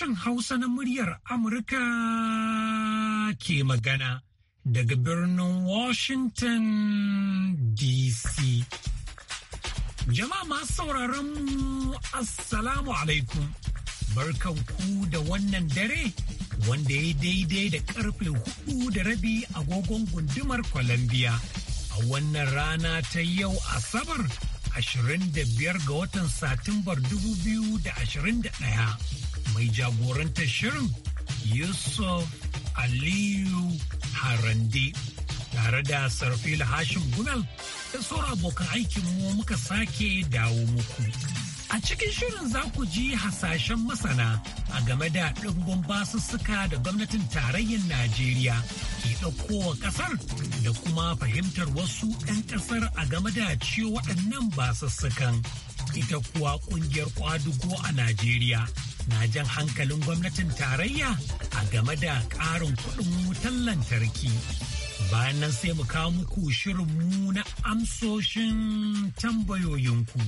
sashen Hausa na muryar Amurka ke magana daga birnin Washington DC. Jama'a masu sauraron mu Assalamu alaikum. ku da wannan dare wanda ya daidai da karfe hudu da rabi agogon gundumar Columbia a wannan rana ta yau Asabar. 25 ga watan Satumbar 2021 mai jagorantar shirin Yusuf Aliyu Harande tare da sarfi Hashim Gunal da sauran abokan aikinmu muka sake dawo muku. A cikin shirin za ku ji hasashen masana a game da ɗumbin basussuka da gwamnatin tarayyar Najeriya ke ɗaukowa ƙasar da kuma fahimtar wasu ɗan ƙasar a game da ciwo waɗannan basussukan. Ita kuwa ƙungiyar ƙwadugo a Najeriya na jan hankalin gwamnatin tarayya a game da ƙarin kuɗin wutan lantarki. Bayan nan sai mu kawo muku shirin mu na amsoshin tambayoyinku.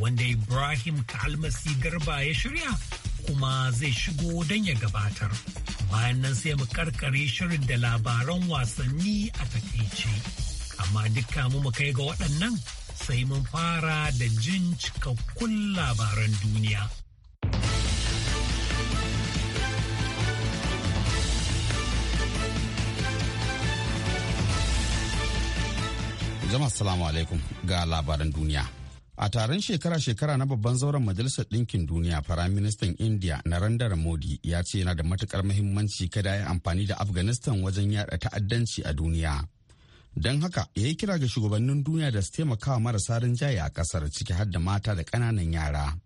wanda Ibrahim Kalmasi Garba ya shirya kuma zai shigo don ya gabatar. Bayan nan sai mu karkare shirin da labaran wasanni a takaice. Amma dukka mu mu kai ga waɗannan sai mun fara da jin cikakkun labaran duniya. Jama'a salamu alaikum ga labaran duniya. A taron shekara-shekara na babban zauren Majalisar Ɗinkin Duniya, Firaministan India Narendra Modi ya ce yana da matukar muhimmanci kada ya amfani da Afghanistan wajen yada ta'addanci a duniya. Don haka, ya yi kira ga shugabannin duniya da su taimakawa marasa rinjaye a ƙasar ciki har da mata da ƙananan yara.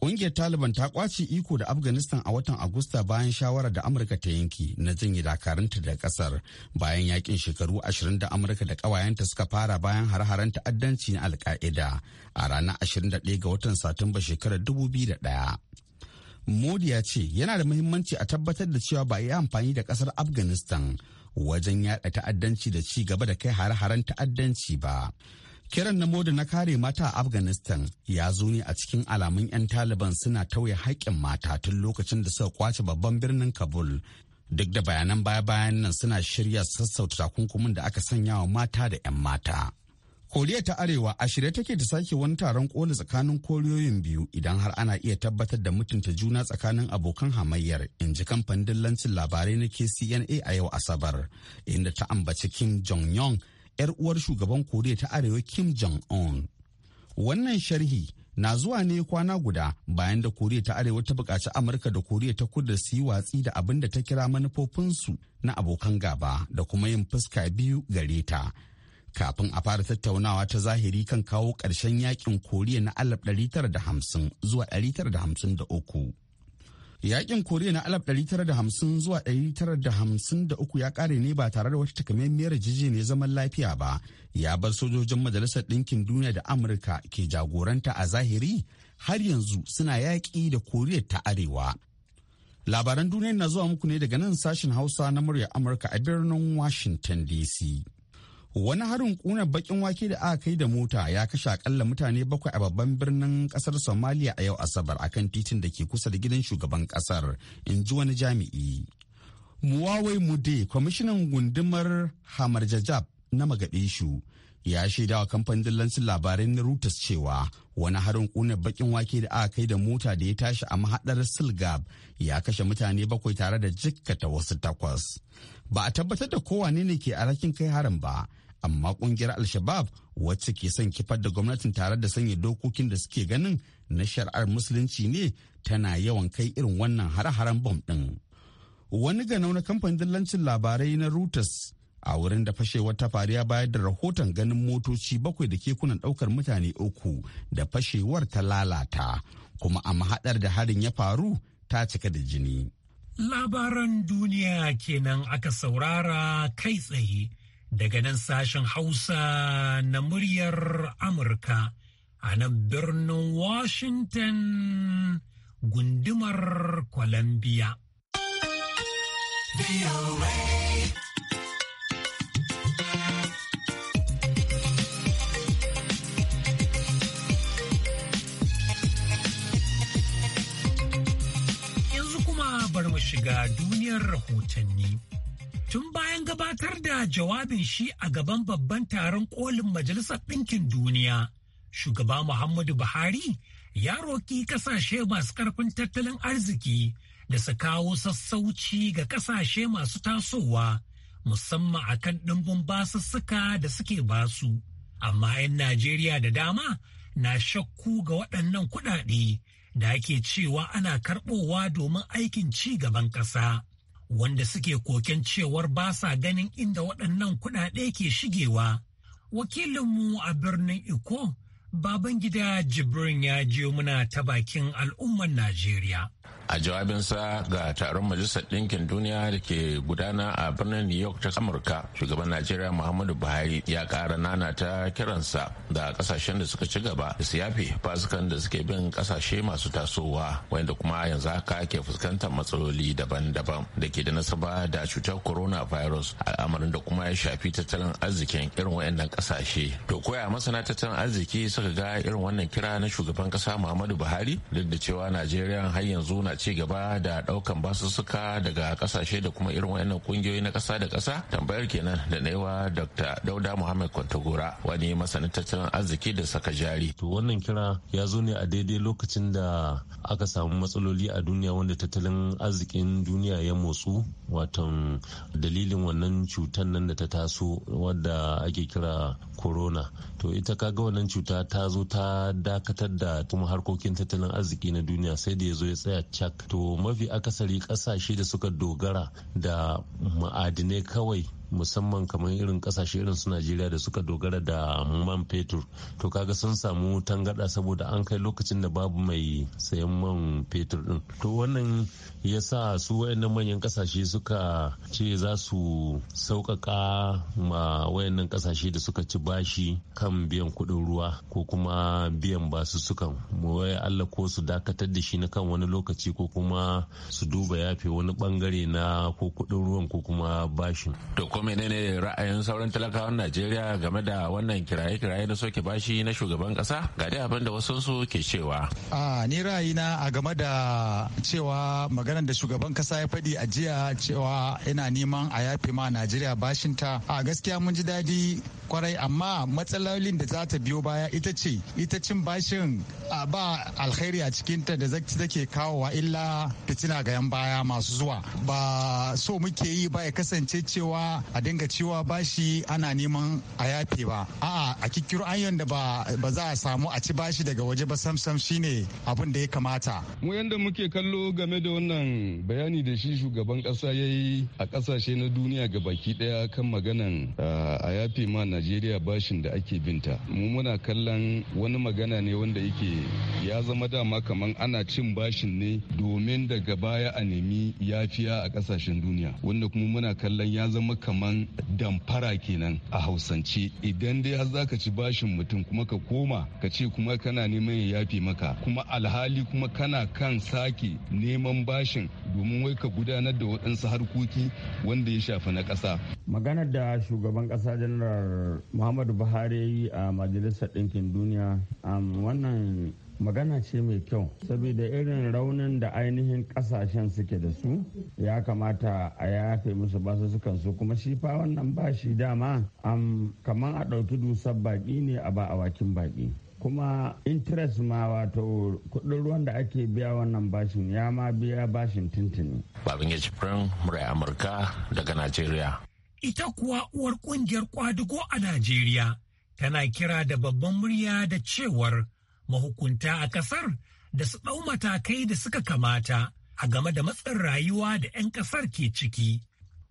Ƙungiyar Taliban ta kwace iko da Afghanistan a watan Agusta bayan shawarar da Amurka ta yanki na janye dakarunta da ƙasar bayan yakin shekaru ashirin da Amurka da ƙawayenta suka fara bayan har-haren ta'addanci na alka'ida a ranar 21 ga watan Satumba shekarar 2001. Modi ya ce yana da muhimmanci a tabbatar da cewa ba a yi amfani da ƙasar Afghanistan wajen yada ta'addanci da ci gaba da kai har-haren ta'addanci ba. kiran na moda na kare mata a afghanistan ya zo ne a cikin alamun 'yan taliban suna tauye haƙƙin mata tun lokacin da suka kwace babban birnin kabul duk da bayanan baya-bayan nan suna shirya sassauta takunkumin da aka sanya wa mata da 'yan mata koriya ta arewa a shirye take ta sake wani taron koli tsakanin koriyoyin biyu idan har ana iya tabbatar da mutunta juna tsakanin abokan hamayyar in ji kamfanin dillancin labarai na kcna a yau asabar inda ta ambaci kim jong yong 'yar uwar shugaban koriya ta arewa kim jong-un wannan sharhi na zuwa ne kwana guda bayan da koriya ta arewa ta buƙaci amurka da koriya ta kudu su yi watsi da abin da ta kira manufofinsu na abokan gaba da kuma yin fuska biyu gare ta kafin a fara tattaunawa ta zahiri kan kawo ƙarshen yakin koriya na 1950 zuwa 1953 Yakin Koriya na 1950 zuwa 1953 ya kare ne ba tare da wata takamaimiyar ne zaman lafiya ba, ya bar sojojin Majalisar Ɗinkin Duniya da Amurka ke jagoranta a zahiri har yanzu suna yaƙi da Koriya ta Arewa. Labaran duniya na zuwa muku ne daga nan sashen Hausa na murya Amurka a birnin Washington DC. wani harin kuna bakin wake da aka kai da mota ya kashe akalla mutane bakwai a babban birnin kasar somalia a yau asabar akan titin da ke kusa da gidan shugaban kasar in ji wani jami'i muwawai mude kwamishinan gundumar hamar jajab na magadishu ya shaida wa kamfanin dillancin labarai na rutas cewa wani harin kuna bakin wake da aka kai da mota da ya tashi a mahadar Silgab ya kashe mutane bakwai tare da jikkata wasu takwas. Ba a tabbatar da kowane ne ke alhakin kai harin ba, amma kungiyar al-shabab wacce ke son kifar da gwamnatin tare da sanya dokokin da suke ganin na shari'ar musulunci ne tana yawan kai irin wannan har haren bom ɗin. wani ga na kamfanin dillancin labarai na reuters a wurin da fashewar ta fariya bayar da rahoton ganin motoci bakwai da kekunan ɗaukar mutane uku da fashewar ta lalata kuma a mahaɗar da harin ya faru ta cika da jini labaran duniya kenan aka saurara kai tsaye daga nan sashen Hausa na muryar Amurka a nan birnin Washington gundumar Columbia. Yanzu kuma bar mu shiga duniyar rahotanni. Tun bayan gabatar da jawabin shi a gaban babban taron kolin Majalisar Ɗinkin Duniya, shugaba Muhammadu Buhari ya roƙi ƙasashe masu ƙarfin tattalin arziki da su kawo sassauci ga ƙasashe masu tasowa, musamman a kan ɗimbin basussuka da suke basu. Amma 'yan Najeriya da dama na shakku ga waɗannan kuɗaɗe da ake cewa ana karɓowa domin aikin ci gaban ƙasa. wanda suke koken cewar ba sa ganin inda waɗannan kuɗaɗe ke shigewa. Wakilinmu a birnin Iko, Babangida Jibrin ya je muna ta bakin al'umman Najeriya. a jawabinsa ga taron majalisar ɗinkin duniya da ke gudana a birnin new york ta amurka shugaban najeriya muhammadu buhari ya ƙara nana ta kiransa da ƙasashen da suka ci gaba da siyafi fasikan da suke bin ƙasashe masu tasowa wanda kuma yanzu haka ke fuskantar matsaloli daban-daban da ke da nasaba da cutar coronavirus al'amarin da kuma ya shafi tattalin arzikin irin waɗannan ƙasashe to koya masana tattalin arziki suka ga irin wannan kira na shugaban ƙasa muhammadu buhari duk da cewa najeriya har yanzu na ci gaba da daukan basussuka daga kasashe da kuma irin wayannan kungiyoyi na kasa da kasa tambayar kenan da naiwa dr dauda muhammad kwantagora wani masanin tattalin arziki da saka jari to wannan kira ya zo ne a daidai lokacin da aka samu matsaloli a duniya wanda tattalin arzikin duniya ya motsu watan dalilin wannan cutar nan da ta taso wadda ake kira corona to ita kaga wannan cuta ta zo ta dakatar da kuma harkokin tattalin arziki na duniya sai da ya zo ya tsaya to mafi akasari kasashe da suka dogara da ma'adinai kawai musamman kamar irin kasashe irin su najeriya da suka dogara da man fetur to kaga sun samu tangada saboda an kai lokacin da babu mai sayan man fetur din to wannan ya sa su wayannan manyan kasashe suka ce za su sauƙaƙa ma wayannan kasashe da suka ci bashi kan biyan kuɗin ruwa ko kuma biyan basu sukan wai allah ko su dakatar da shi na kan wani lokaci ko kuma su duba yafe wani bangare na ko kuɗin ruwan ko kuma bashin. ko menene ra'ayin sauran talakawan najeriya game da wannan kiraye-kiraye na soke bashi na shugaban kasa ga dai abin da wasu su ke cewa a ni na a game da cewa maganar da shugaban kasa ya faɗi a jiya cewa yana neman a yafe ma najeriya ta a gaskiya mun ji daɗi kwarai amma matsalolin da za ta biyo baya ita ce ita cin bashin ba alkhairi a cikin ta da take kawowa illa fitina ga yan baya masu zuwa ba so muke yi ba ya kasance cewa a dinga cewa bashi ana neman a yafe ba a'a a kikkiro an da ba za a samu a ci bashi daga waje ba samsam shine abin da ya kamata mu yanda muke kallo game da wannan bayani da shi shugaban kasa ya yi a kasashe na duniya ga baki daya kan maganan ah, a yafe ma najeriya bashin da ake binta mu muna kallon wani magana ne wanda yake ya zama dama kamar ana cin bashin ne domin daga baya a nemi yafiya a kasashen duniya wanda kuma muna kallon ya zama kamar kaman damfara kenan a hausance idan dai har ka ci bashin mutum kuma ka koma ka ce kuma kana neman ya yafe maka kuma alhali kuma kana kan sake neman bashin domin wai ka gudanar da waɗansu harkoki wanda ya shafi na ƙasa. maganar da shugaban ƙasa janar muhammadu buhari a majalisar ɗinkin duniya wannan magana ce mai kyau saboda irin raunin da ainihin kasashen suke da su ya kamata a yafe musu basu sukan su kuma shi fa wannan ba shi dama am kaman a ɗauki dusar baƙi ne a ba awakin baƙi kuma interest ma wato kudin ruwan da ake biya wannan bashin ya ma biya bashin tintini. Babin ya murai Amurka daga Najeriya. Ita kuwa uwar kungiyar kwadugo a Najeriya tana kira da babban murya da cewar mahukunta a kasar da su ɗau matakai da suka kamata a game da matsin rayuwa da 'yan kasar ke ciki.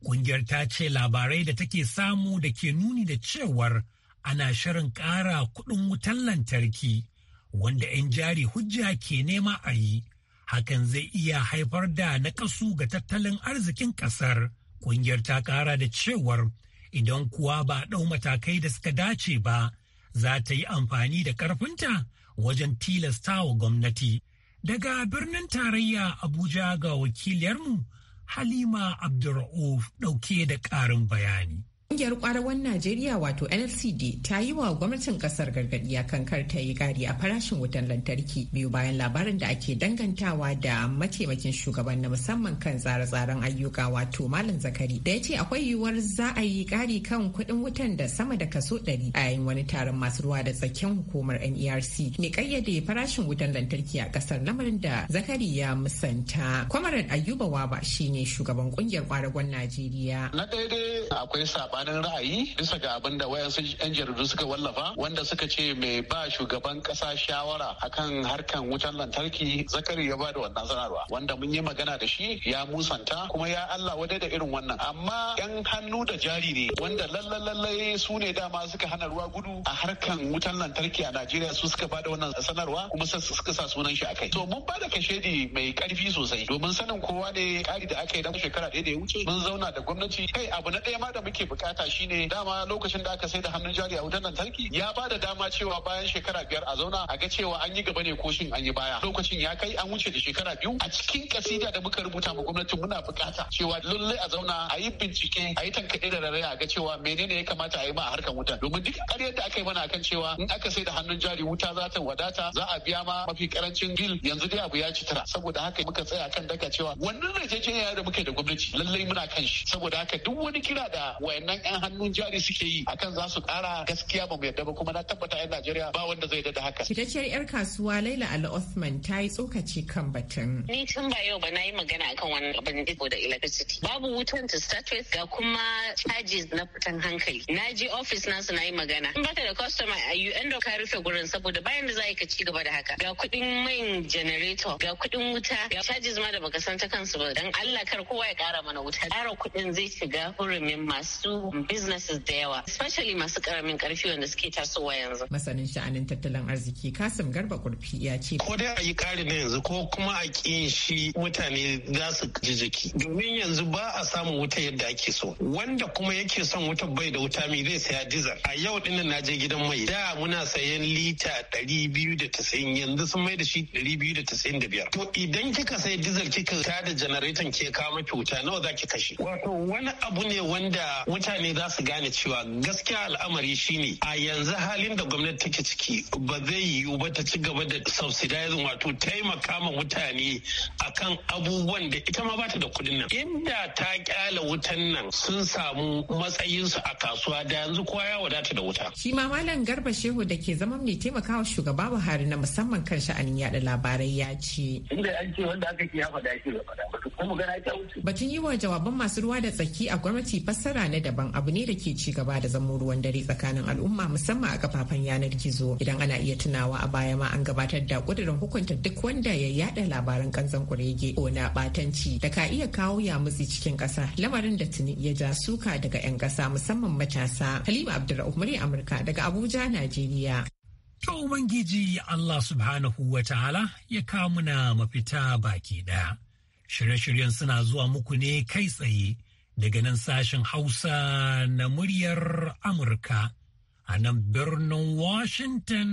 Ƙungiyar ta ce labarai da take samu da ke nuni da cewar ana shirin ƙara kuɗin wutan lantarki wanda 'yan jari hujja ke nema a yi. Hakan zai iya haifar da naƙasu ga tattalin arzikin ƙasar. Ƙungiyar ta ƙara da cewar idan kuwa ba ɗau matakai da suka dace ba, za ta yi amfani da ƙarfinta wajen tilasta wa gwamnati. Daga birnin tarayya Abuja ga wakiliyarmu Halima Abdur'uf ɗauke da ƙarin bayani. Ƙungiyar kwarawan Najeriya wato NLCD ta yi wa gwamnatin ƙasar gargaɗi a kan kar ta yi ƙari a farashin wutan lantarki biyu bayan labarin da ake dangantawa da mataimakin shugaban na musamman kan tsare-tsaren ayyuka wato Malam Zakari da ya ce akwai yiwuwar za a yi ƙari kan kuɗin wutan da sama da kaso ɗari a yayin wani taron masu ruwa da tsakiyar hukumar NERC mai ƙayyade farashin wutan lantarki a ƙasar lamarin da Zakari ya musanta. Kwamaran Ayuba Waba shine shugaban ƙungiyar kwaragon Najeriya. Na daidai akwai saɓa sabanin ra'ayi bisa ga abin da wayansu 'yan jaridu suka wallafa wanda suka ce mai ba shugaban kasa shawara akan harkan wutan lantarki zakari ya bada wannan sanarwa wanda mun yi magana da shi ya musanta kuma ya Allah wadai da irin wannan amma 'yan hannu da jari ne wanda lallai su ne dama suka hana ruwa gudu a harkan wutan lantarki a Najeriya su suka bada wannan sanarwa kuma suka sa sunan shi akai to mun bada kashedi mai karfi sosai domin sanin kowa ne kari da aka yi dan shekara ɗaya da ya wuce mun zauna da gwamnati kai abu na ɗaya ma da muke buƙata bukata shine dama lokacin da aka sai da hannun jari a wutar lantarki ya ba da dama cewa bayan shekara biyar a zauna a ga cewa an yi gaba ne ko shin an yi baya lokacin ya kai an wuce da shekara biyu a cikin kasida da muka rubuta ma gwamnati muna bukata cewa lalle a zauna a yi bincike a yi tankaɗe da rarraya a ga cewa menene ya kamata a yi ma a harkar wuta domin duk ƙaryar da aka yi mana akan cewa in aka sai da hannun jari wuta za ta wadata za a biya ma mafi karancin bil yanzu dai abu ya ci tara saboda haka muka tsaya kan daka cewa wannan yarjejeniya da muke da gwamnati lallai muna kan shi saboda haka duk wani kira da wayannan 'yan hannun jari suke yi akan za su kara gaskiya ba mu yadda ba kuma na tabbata 'yan Najeriya ba wanda zai da haka. Fitacciyar 'yar kasuwa Laila Al Osman ta yi tsokaci kan batun. Ni tun ba yau ba na yi magana akan wannan abin da electricity. Babu wutan to start with ga kuma charges na fitan hankali. Na je office su na yi magana. In baka da customer a UN da ka rufe gurin saboda bayan da za ka ci gaba da haka. Ga kuɗin main generator, ga kuɗin wuta, ga charges ma da baka san ta kansu ba. Dan Allah kar kowa ya kara mana wuta. Kara kuɗin zai shiga hurumin masu businesses da yawa especially masu karamin karfi wanda suke tasowa yanzu masanin sha'anin tattalin arziki kasim garba kurfi ya ce ko dai a yi kari na yanzu ko kuma a ƙi shi mutane za su ji jiki domin yanzu ba a samun wuta yadda ake so wanda kuma yake son wuta bai da wuta mai zai saya dizal a yau dinnan na je gidan mai da muna sayan lita ɗari biyu da tasa'in yanzu sun mai da shi ɗari biyu da da biyar to idan kika sai dizal kika tada janareton ke kawo mafi wuta nawa za ki kashe wato wani abu ne wanda mutane mutane za su gane cewa gaskiya al'amari shine a yanzu halin da gwamnati take ciki ba zai yiwu ba ta ci gaba da subsidizing wato taimaka ma mutane akan abubuwan da ita ma bata da kuɗin nan inda ta kyala wutan nan sun samu matsayinsu a kasuwa da yanzu kowa ya wadata da wuta shi ma malam garba shehu da ke zama mai taimakawa shugaba buhari na musamman kan sha'anin yada labarai ya ce inda an ce wanda aka ya faɗa shi ya wuce. batun yi wa jawaban masu ruwa da tsaki a gwamnati fassara na daban abu ne da ke ci gaba da zamo ruwan dare tsakanin al'umma musamman a kafafen yanar gizo idan ana iya tunawa a baya ma an gabatar da kudirin hukunta duk wanda ya yada labaran kanzan kurege ko na batanci da ka iya kawo yamutsi cikin kasa lamarin da tuni ya ja suka daga 'yan kasa musamman matasa halima abdulrahman amurka daga abuja najeriya To Ubangiji Allah subhanahu wa ta'ala ya kawo muna mafita baki ɗaya. Shirye-shiryen suna zuwa muku ne kai tsaye daga nan sashen Hausa na muryar Amurka a nan birnin Washington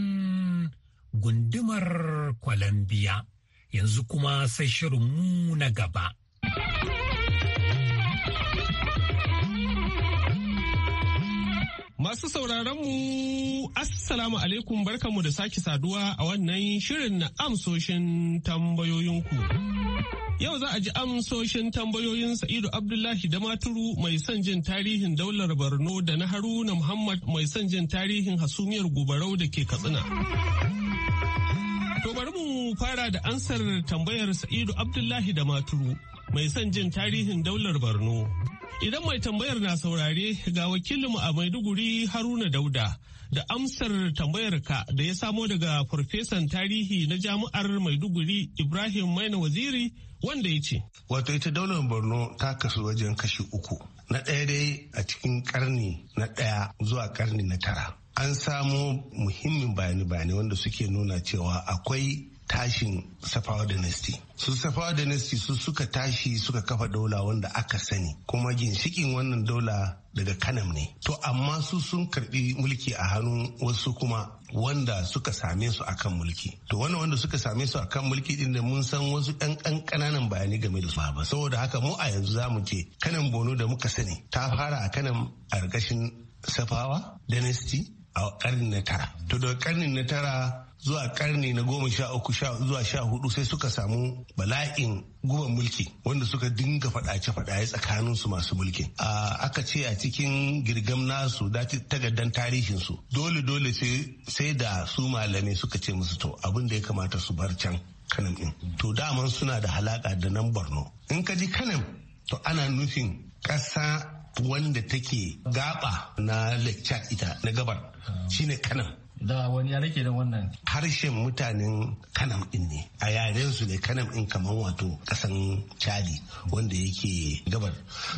gundumar Columbia. Yanzu kuma sai shirinmu na gaba. Masu sauraron mu Assalamu alaikum barkanmu da sake saduwa a wannan shirin na amsoshin tambayoyinku. Yau za a ji amsoshin tambayoyin Sa'idu Abdullahi da Maturu mai son jin tarihin daular Borno da na Haruna Muhammad mai son jin tarihin hasumiyar gubarau da ke Katsina. To bari mu fara da ansar tambayar Sa'idu Abdullahi da Maturu mai son jin tarihin daular Borno. Idan mai tambayar na saurare ga wakilinmu a Maiduguri Haruna Dauda da amsar tambayarka da ya samo daga farfesan tarihi na jami'ar Maiduguri Ibrahim Maina Waziri wanda ya ce. Wato ita daular Borno ta kasu wajen kashi uku. Na ɗaya dai a cikin karni na ɗaya zuwa karni na tara. An samo muhimmin bayani-bayani wanda suke nuna cewa akwai tashin Safawa dynasty. Su Safawa dynasty su suka tashi suka kafa daula wanda aka sani kuma ginshikin wannan daula daga kanam ne. To amma su sun karbi mulki a hannun wasu kuma wanda suka same su akan mulki. To wannan wanda suka same su akan mulki din da mun san wasu ɗan ɗan ƙananan bayani game da su ba. Saboda haka mu a yanzu zamu ke kanan bono da muka sani ta fara a kanan a Safawa dynasty a karni na tara. To da karni na tara zuwa karni na goma sha uku zuwa sha hudu sai suka samu bala'in guban mulki wanda suka dinga faɗace faɗaye tsakanin su masu mulki aka ce a cikin girgam nasu dati tagaddan tarihin su dole dole sai da su malamai suka ce musu to abin da ya kamata su bar can kanam din to daman suna da halaka da nan borno in ka ji kanam to ana nufin ƙasa wanda take gaba na lecture ita na gabar shine kanam. da wani ya rike da wannan harshen mutanen kanam din ne a yaren su ne kanam din kamar wato kasan cali wanda yake gabar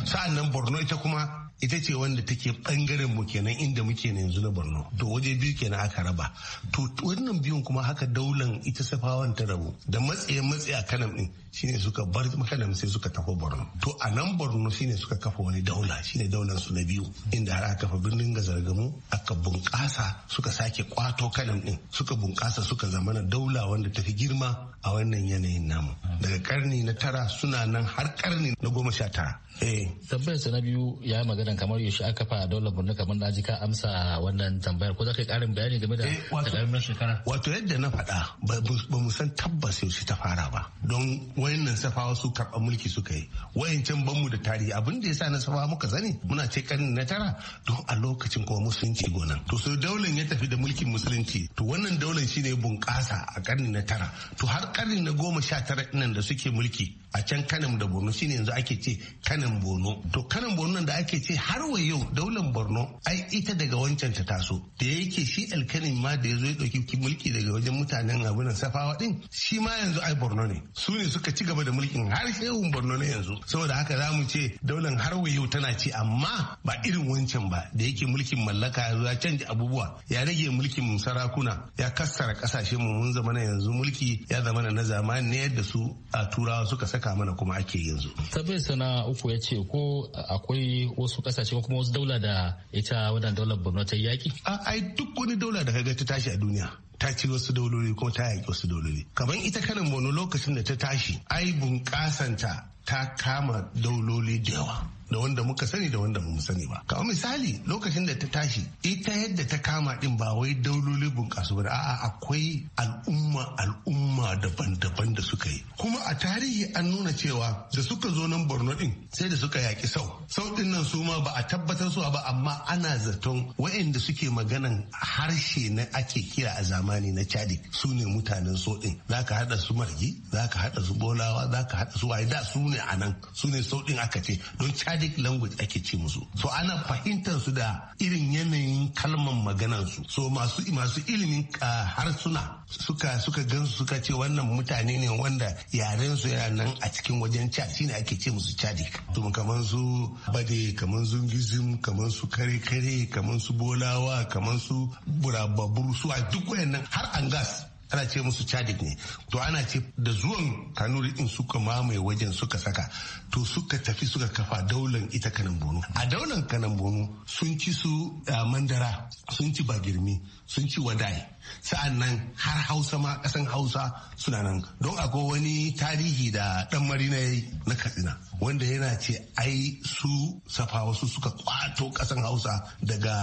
sa'an nan borno ita kuma ita ce wanda take bangaren mu kenan inda muke ne yanzu na borno to waje biyu kenan aka raba to wannan biyun kuma haka daulan ita safawan ta rabu da matse matse a kanam din shine suka bar makalam sai suka tafi borno to a nan borno shine suka kafa wani daula shine daular su na biyu inda har aka kafa birnin gazargamu aka bunƙasa suka sake kwato kalam din suka bunƙasa suka zama na daula wanda tafi girma a wannan yanayin namu daga karni na tara suna nan har karni na goma sha tara eh. tambayar sa na biyu ya yi magana kamar yaushe aka fa daular borno kamar na ji ka amsa wannan tambayar ko za ka yi karin bayani game da eh, shekara wato yadda na faɗa ba mu san tabbas yaushe ta fara ba don nan safawa su karɓa mulki suka yi wayan wayancan banmu da tarihi abin da yasa na safa muka sani muna ce karni na tara don a lokacin kuma musulunci gona. to sai daular ya tafi da mulkin musulunci to wannan daular shine bunƙasa a karni na tara to har karni na goma sha tara nan da suke mulki a can kanan da borno shine yanzu ake ce kanan borno to kanan borno nan da ake ce har wa yau daular borno ai ita daga wancan ta taso da yake shi alkanin ma da ya zo ya ɗauki mulki daga wajen mutanen abinan safawa din shi ma yanzu ai borno ne su ne suka suka ci gaba da mulkin har sai borno na yanzu saboda haka za mu ce daular har yau tana ci amma ba irin wancan ba da yake mulkin mallaka ya canja abubuwa ya rage mulkin sarakuna ya kassara kasashe mu mun zama na yanzu mulki ya zama na zamani ne yadda su a turawa suka saka mana kuma ake yanzu. Sabai sana uku ya ce ko akwai wasu kasashe ko kuma wasu daula da ita wadanda daular Borno ta yaki? A ai duk wani daula da kaga ta tashi a duniya ta ci wasu dauloli ko ta yaƙi wasu dauloli kamar ita kanin bono lokacin da ta tashi ai bunƙasanta ta kama dauloli da yawa da wanda muka sani da wanda mu sani ba kamar misali lokacin da ta tashi ita yadda ta kama din ba wai dauloli bunƙasa ba a'a akwai al'umma al'umma daban-daban da suka yi kuma a tarihi an nuna cewa da suka zo nan borno din sai da suka yaki sau sau din nan su ma ba a tabbatar su ba amma ana zaton da suke maganan harshe na ake kira a zamani na chadi su ne mutanen so din zaka hada su margi zaka hada su bolawa zaka hada su waye da su ne nan su ne sau din aka ce don chadi nomadic language ake ce musu so ana fahimtar su da irin yanayin kalman maganan su so masu masu ilimin ah, harsuna suka suka gansu suka ce wannan mutane ne wanda yaren su yana nan a cikin wajen chad shine ake ce musu chadik to kaman su bade kaman su gizim kaman su kare kare kaman su bolawa kaman su burababuru su a duk wayannan har angas ana ce musu cadik ne to ana ce da zuwan kanuri din suka mamaye wajen suka saka to suka tafi suka kafa daular ita kanan bono a daular kanan bono sun ci su eh, mandara sun ci bagirmi sun ci wadai sa'an nan har hausa ma kasan hausa suna nan don akwai wani tarihi da dan marina yayi na katsina wanda yana ce ai su safa wasu suka kwato kasan hausa daga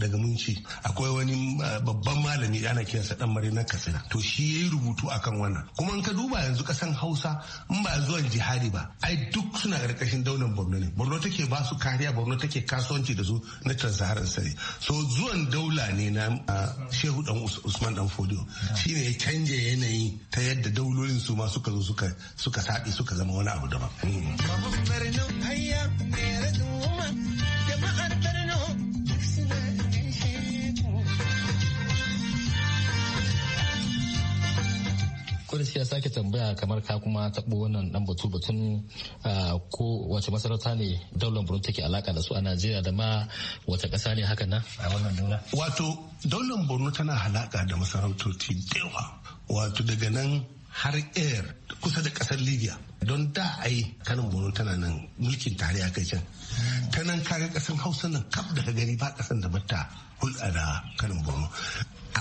daga munci akwai wani eh, babban malami ana kiransa dan marina katsina to shi yayi rubutu akan wannan kuma in ka duba yanzu kasan hausa in ba zuwan jihadi ba ai duk suna karkashin daular borno ne borno take ba su kariya borno take kasuwanci da su na transaharan sare so zuwan daula ne na eh, shehu dan usman usman dan fodio ne ya canja yanayi ta yadda daulolin su ma suka zo suka saɗi suka zama wani abu daban ko sai ya sake tambaya kamar ka kuma taɓo wannan dan batu batun ko wace masarauta ne daular Borno take alaka da su a Najeriya da ma wace ƙasa ne haka na a wannan daula. Wato daular Borno tana alaka da masarautoci da yawa wato daga nan har air kusa da kasar libya don da a yi kanin borno tana nan mulkin tarihi kai can ta nan kaga kasan hausa nan kaf daga gari ba kasan da bata hulɗa da kanin borno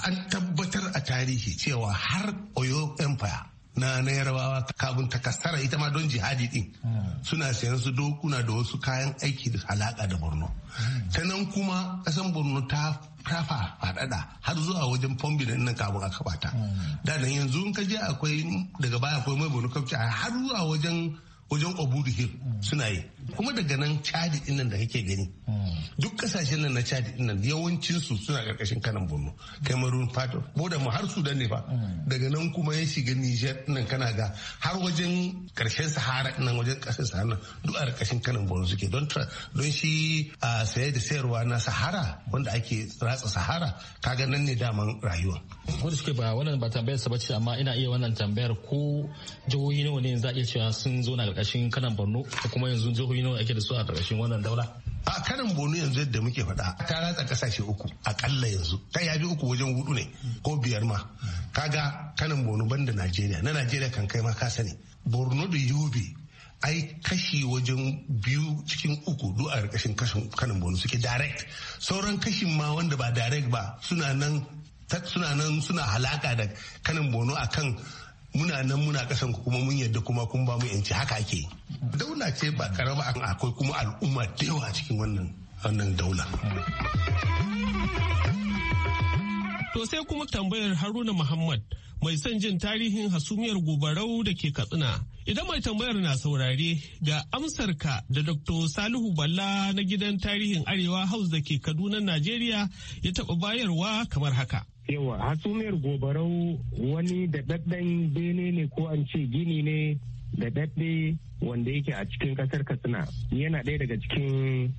an tabbatar a tarihi cewa har oyo empire na nairawa kabin ta kasara ita ma don jihadi din hmm. suna sayan su dokuna da wasu kayan aiki da alaka da borno hmm. ta nan kuma kasan borno ta rafa fadada har zuwa wajen fombi da nan kabin aka bata hmm. da nan yanzu in ka je akwai daga baya akwai mai borno kafci har zuwa wajen wajen obudu hill suna yi kuma daga nan chadi dinnan da kake gani duk kasashen nan na chadi dinnan yawancin su suna karkashin kanan borno cameroon ko da mu har sudan ne fa daga nan kuma ya shiga niger nan kana ga har wajen karshen sahara nan wajen kasar sahara nan duk a karkashin kanan borno suke don don shi a saye da sayarwa na sahara wanda ake ratsa sahara kaga nan ne daman rayuwa ko da suke ba wannan ba tambayar sa bace amma ina iya wannan tambayar ko jihohi nawa ne za a iya cewa sun zo na karkashin kanan borno kuma yanzu jihohi nawa ake da su a karkashin wannan daula a kanan borno yanzu yadda muke faɗa ta ratsa kasashe uku akalla yanzu ta yabi uku wajen hudu ne ko biyar ma kaga kanan borno banda najeriya na najeriya kan kai ma ka sani borno da yobe ai kashi wajen biyu cikin uku duk a karkashin kanan borno suke direct sauran kashin ma wanda ba direct ba suna nan suna nan suna halaka da kanan bono akan muna nan muna kasan ku kuma mun yadda kuma kun ba mu yanci haka ake daula ce ba karama akwai kuma al'umma da yawa cikin wannan wannan daula to sai kuma tambayar haruna muhammad mai son jin tarihin hasumiyar gobarau da ke katsina idan mai tambayar na saurare ga amsar ka da dr salihu balla na gidan tarihin arewa house da ke kaduna najeriya ya taɓa bayarwa kamar haka yawa hasumiyar gobarau wani daɗaɗɗen bene ne ko an ce gini ne da wanda yake a cikin ƙasar katsina yana ɗaya daga cikin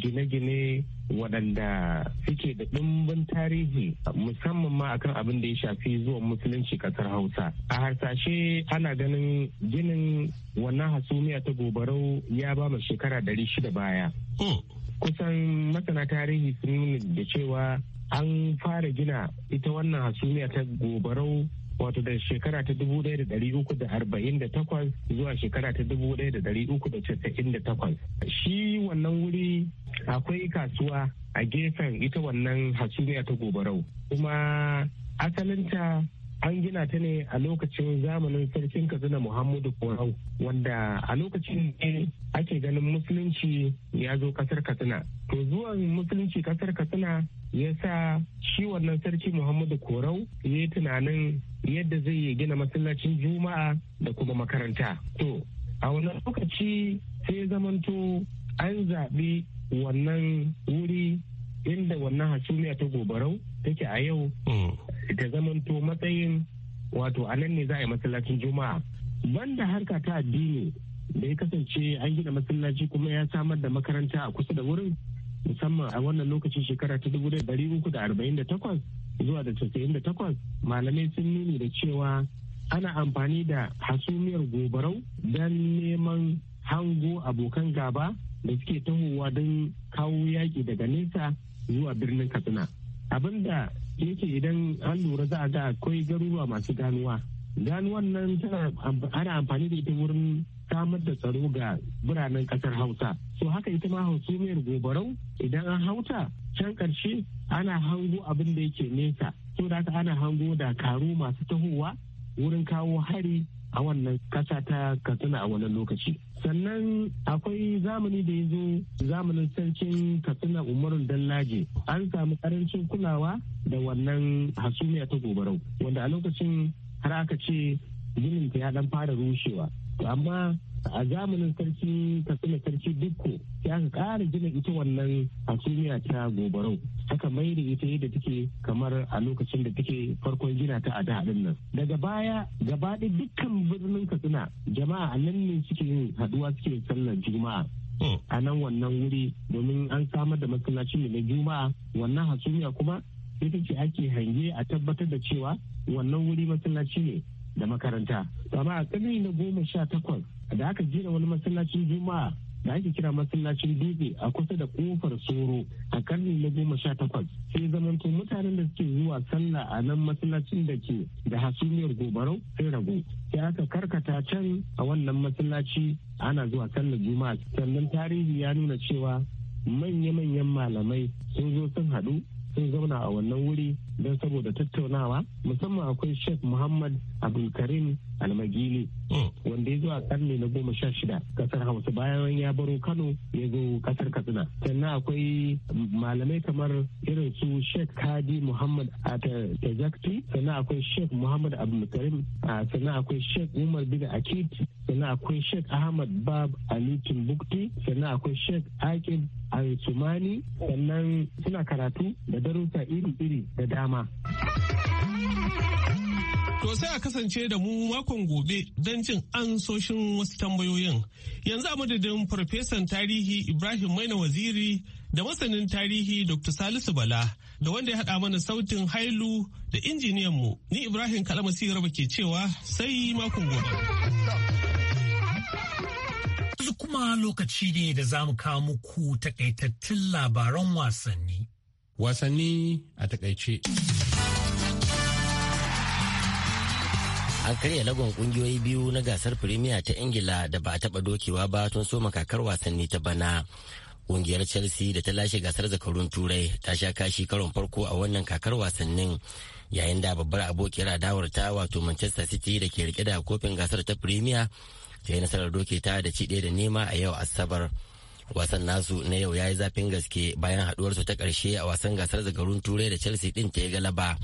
gine-gine waɗanda suke da ɗimbin tarihi musamman ma akan abin da ya shafi zuwan musulunci ƙasar hausa a harsashe ana ganin ginin wannan hasumiya ta gobarau ya ba mu shekara ɗari shida baya oh. kusan masana tarihi sun nuna da cewa an fara gina ita wannan hasumiya ta gobarau wato da shekara ta dubu da da da uku arba'in takwas zuwa shekara ta dubu da da uku casa'in takwas. shi wannan wuri akwai kasuwa a gefen ita wannan hasumiya ta gobarau kuma asalinta an gina ta ne a lokacin zamanin sarkin katsina muhammadu korau wanda a lokacin ne ake ganin musulunci ya zo kasar katsina to zuwan musulunci kasar katsina ya sa shi wannan sarki muhammadu korau ya yi tunanin yadda zai yi gina masallacin juma'a da kuma makaranta to a wannan lokaci sai zamanto an zaɓi wannan wuri inda wannan hasumiya ta gobarau take a yau hmm. ta zamanto matsayin wato a nan ne za a yi masallacin juma'a banda harka ta addini da ya kasance an gina masallaci kuma ya samar da makaranta a kusa da wurin musamman a wannan lokacin shekara ta dubu uku da arba'in da takwas zuwa da casa'in da takwas malamai sun nuni da cewa ana amfani da hasumiyar gobarau don neman hango abokan gaba da suke tahowa don kawo yaƙi daga nesa zuwa birnin katsina abin abinda yake idan an lura za a ga akwai garuruwa masu ganuwa ganuwan nan tana ana amfani da ita wurin samar da tsaro ga biranen kasar hausa so haka ita ma hausumiyar gobarau idan an hauta can karshe ana hango abin da yake nesa so da ana hango da karu masu tahowa wurin kawo hari a wannan kasa ta katsina a wannan lokaci sannan akwai zamani da ya zo zamanin sarkin katsina umarun dallaje an samu karancin kulawa da wannan hasumiya ta gobarau wanda a lokacin har aka ce ginin ta ya dan fara rushewa amma a zamanin sarki katsina sarki dukko sai aka kara gina ita wannan hasumiya ta gobarau aka mai da ita yadda take kamar a lokacin da take farkon gina ta a da nan daga baya gaba dukkan birnin katsina jama'a a nan ne suke yin haduwa suke sallar juma'a hmm. a nan wannan wuri domin an samar da masallaci ne na juma'a wannan hasumiya kuma ita ce ake hange a tabbatar da cewa wannan wuri masallaci ne da makaranta amma a ƙarni na goma sha takwas da aka gina wani masallacin juma'a da ake kira masallacin dutse a kusa da kofar soro a karni na goma sha takwas sai zamanto mutanen da suke zuwa sallah a nan masallacin da ke da hasumiyar gobarau sai rago sai aka karkata can a wannan masallaci ana zuwa sallar juma'a sannan tarihi ya nuna cewa manya-manyan malamai sun zo sun haɗu sun zauna a wannan wuri don saboda tattaunawa musamman akwai Sheikh Muhammad Abdulkarim Almagili hmm. wanda ya zo a karni na goma sha shida kasar Hausa bayan ya baro Kano ya zo kasar Katsina. Sannan akwai malamai kamar irin su Sheikh kadi Muhammad Atajakti sannan akwai Sheikh Muhammad Abdulkarim sannan akwai Sheikh Umar bin Akid sannan akwai Sheikh Ahmad Bab Ali Timbukti sannan akwai Sheikh Akib Al-Sumani sannan suna karatu da darussa iri-iri da dama. dama. To sai a kasance da mu makon gobe don jin ansoshin wasu tambayoyin. Yanzu a madadin farfesan tarihi Ibrahim Maina Waziri da masanin tarihi Dr. Salisu Bala da wanda ya haɗa mana sautin hailu da mu ni Ibrahim Kalama Raba ke cewa sai makon gobe. Yanzu kuma lokaci ne da za mu kawo muku takaitattun labaran wasanni. wasanni a takaice. an karya lagon kungiyoyi biyu na gasar firimiya ta ingila da ba a taba dokewa ba tun soma kakar wasanni ta bana kungiyar chelsea da ta lashe gasar zakarun turai ta sha kashi karon farko a wannan kakar wasannin yayin da babbar abokiyar adawar ta wato manchester city da ke rike da kofin gasar ta firimiya ta yi nasarar doke ta da ci da nema a yau asabar. wasan nasu na yau ya yi zafin gaske bayan haduwarsu ta karshe a wasan gasar zagarun turai da chelsea din ta yi galaba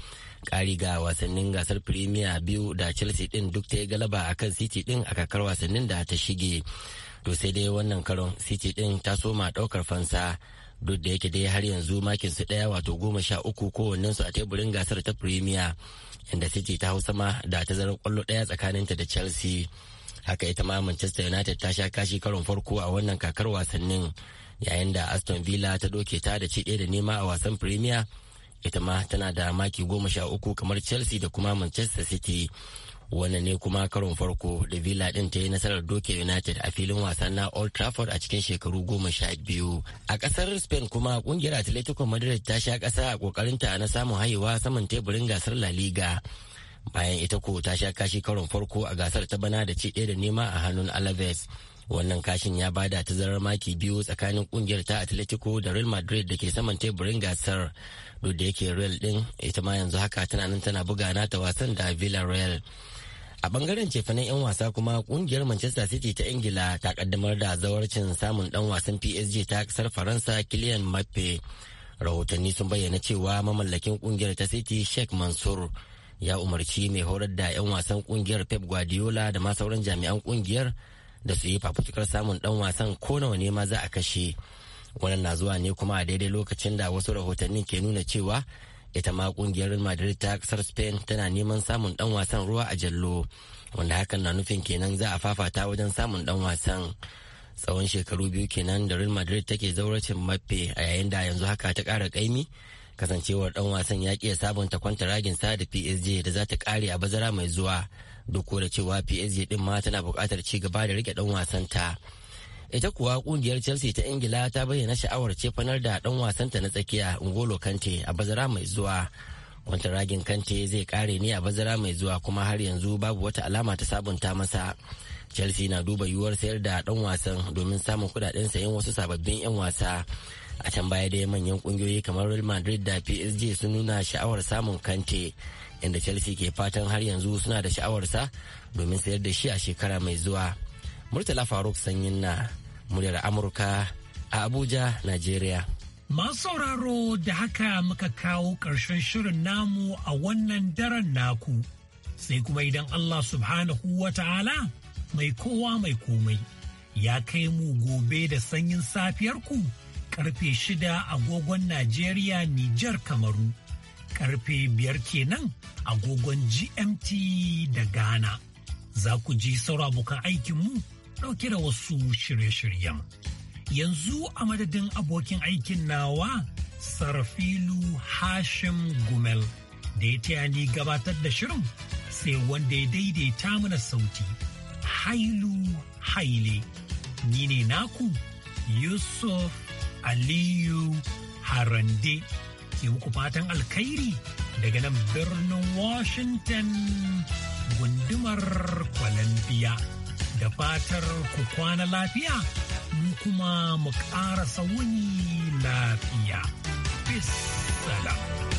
kari ga wasannin gasar premier biyu da chelsea din duk ta yi galaba a kan city din a kakar wasannin da ta shige to sai dai wannan karon city din ta soma daukar fansa duk da yake dai har yanzu makin su daya wato goma sha uku kowannensu a teburin gasar ta premier inda city ta hau sama da tazarar kwallo daya tsakaninta da chelsea haka ita ma manchester united ta sha kashi karon farko a wannan kakar wasannin yayin da aston villa ta doke ta da ci ɗaya da nema a wasan premier ita ma tana da maki goma sha uku kamar chelsea da kuma manchester city wannan ne kuma karon farko da villa din ta yi nasarar doke united a filin wasan na old trafford a cikin shekaru goma sha biyu a kasar spain kuma kungiyar atletico madrid ta sha kasa a ƙoƙarinta na samun haihuwa saman teburin gasar la liga bayan ita ko ta sha kashi karon farko a gasar ta bana da ci ɗaya da nema a hannun alaves wannan kashin ya bada tazarar maki biyu tsakanin kungiyar ta atletico da real madrid da ke saman teburin gasar duk da yake real din ita ma yanzu haka tana nan tana buga na ta wasan da villarreal a bangaren cefanen 'yan wasa kuma kungiyar manchester city ta ingila ta kaddamar da zawarcin samun dan wasan psg ta kasar faransa kylian mbappe rahotanni sun bayyana cewa mamallakin kungiyar ta city sheikh mansur ya umarci mai horar da 'yan wasan kungiyar pep guardiola da ma sauran jami'an kungiyar da su yi fafutukar samun dan wasan ko nawa ne ma za a kashe wannan na zuwa ne kuma a daidai lokacin da wasu rahotannin ke nuna cewa ita ma kungiyar madrid ta kasar spain tana neman samun dan wasan ruwa a jallo wanda hakan na nufin kenan za a fafata wajen samun dan wasan tsawon shekaru biyu kenan da real madrid take zauracin mafe a yayin da yanzu haka ta kara kaimi kasancewar dan wasan ya ƙi sabunta kwantaragin sa da PSG da za ta kare a bazara mai zuwa duk da cewa PSG din ma tana bukatar ci gaba da rike dan wasan ta. Ita kuwa kungiyar Chelsea ta Ingila ta bayyana sha'awar cefanar da dan wasan ta na tsakiya Ngolo Kante a bazara mai zuwa. Kwantaragin Kante zai kare ne a bazara mai zuwa kuma har yanzu babu wata alama ta sabunta masa. Chelsea na duba yiwuwar sayar da dan wasan domin samun kudaden sayan wasu sababbin 'yan wasa. a can baya dai manyan kungiyoyi kamar real madrid da psg sun nuna sha'awar samun kante inda chelsea ke fatan har yanzu suna da sha'awarsa domin sayar da shi a shekara mai zuwa murtala faruk sanyin na muryar amurka a abuja nigeria masu sauraro da haka muka kawo ƙarshen shirin namu a wannan daren naku sai kuma idan allah subhanahu wa ta'ala mai kowa mai komai ya kai mu gobe da sanyin safiyarku ku karfe shida agogon Najeriya Nijar Kamaru, karfe biyar kenan agogon GMT da Ghana. Za ku ji saura bukan aikinmu ɗauke da wasu shirye-shiryen. Yanzu a madadin abokin aikin nawa Sarfilu Hashim Gumel da ya taya ni gabatar da shirin sai wanda ya daidaita mana sauti. Hailu Haile, ni ne naku Yusuf Aliyu Harande ke muku fatan alkhairi daga nan birnin Washington gundumar Columbia. Da fatar ku kwana lafiya, mu kuma mu ƙara sauni lafiya. Peace.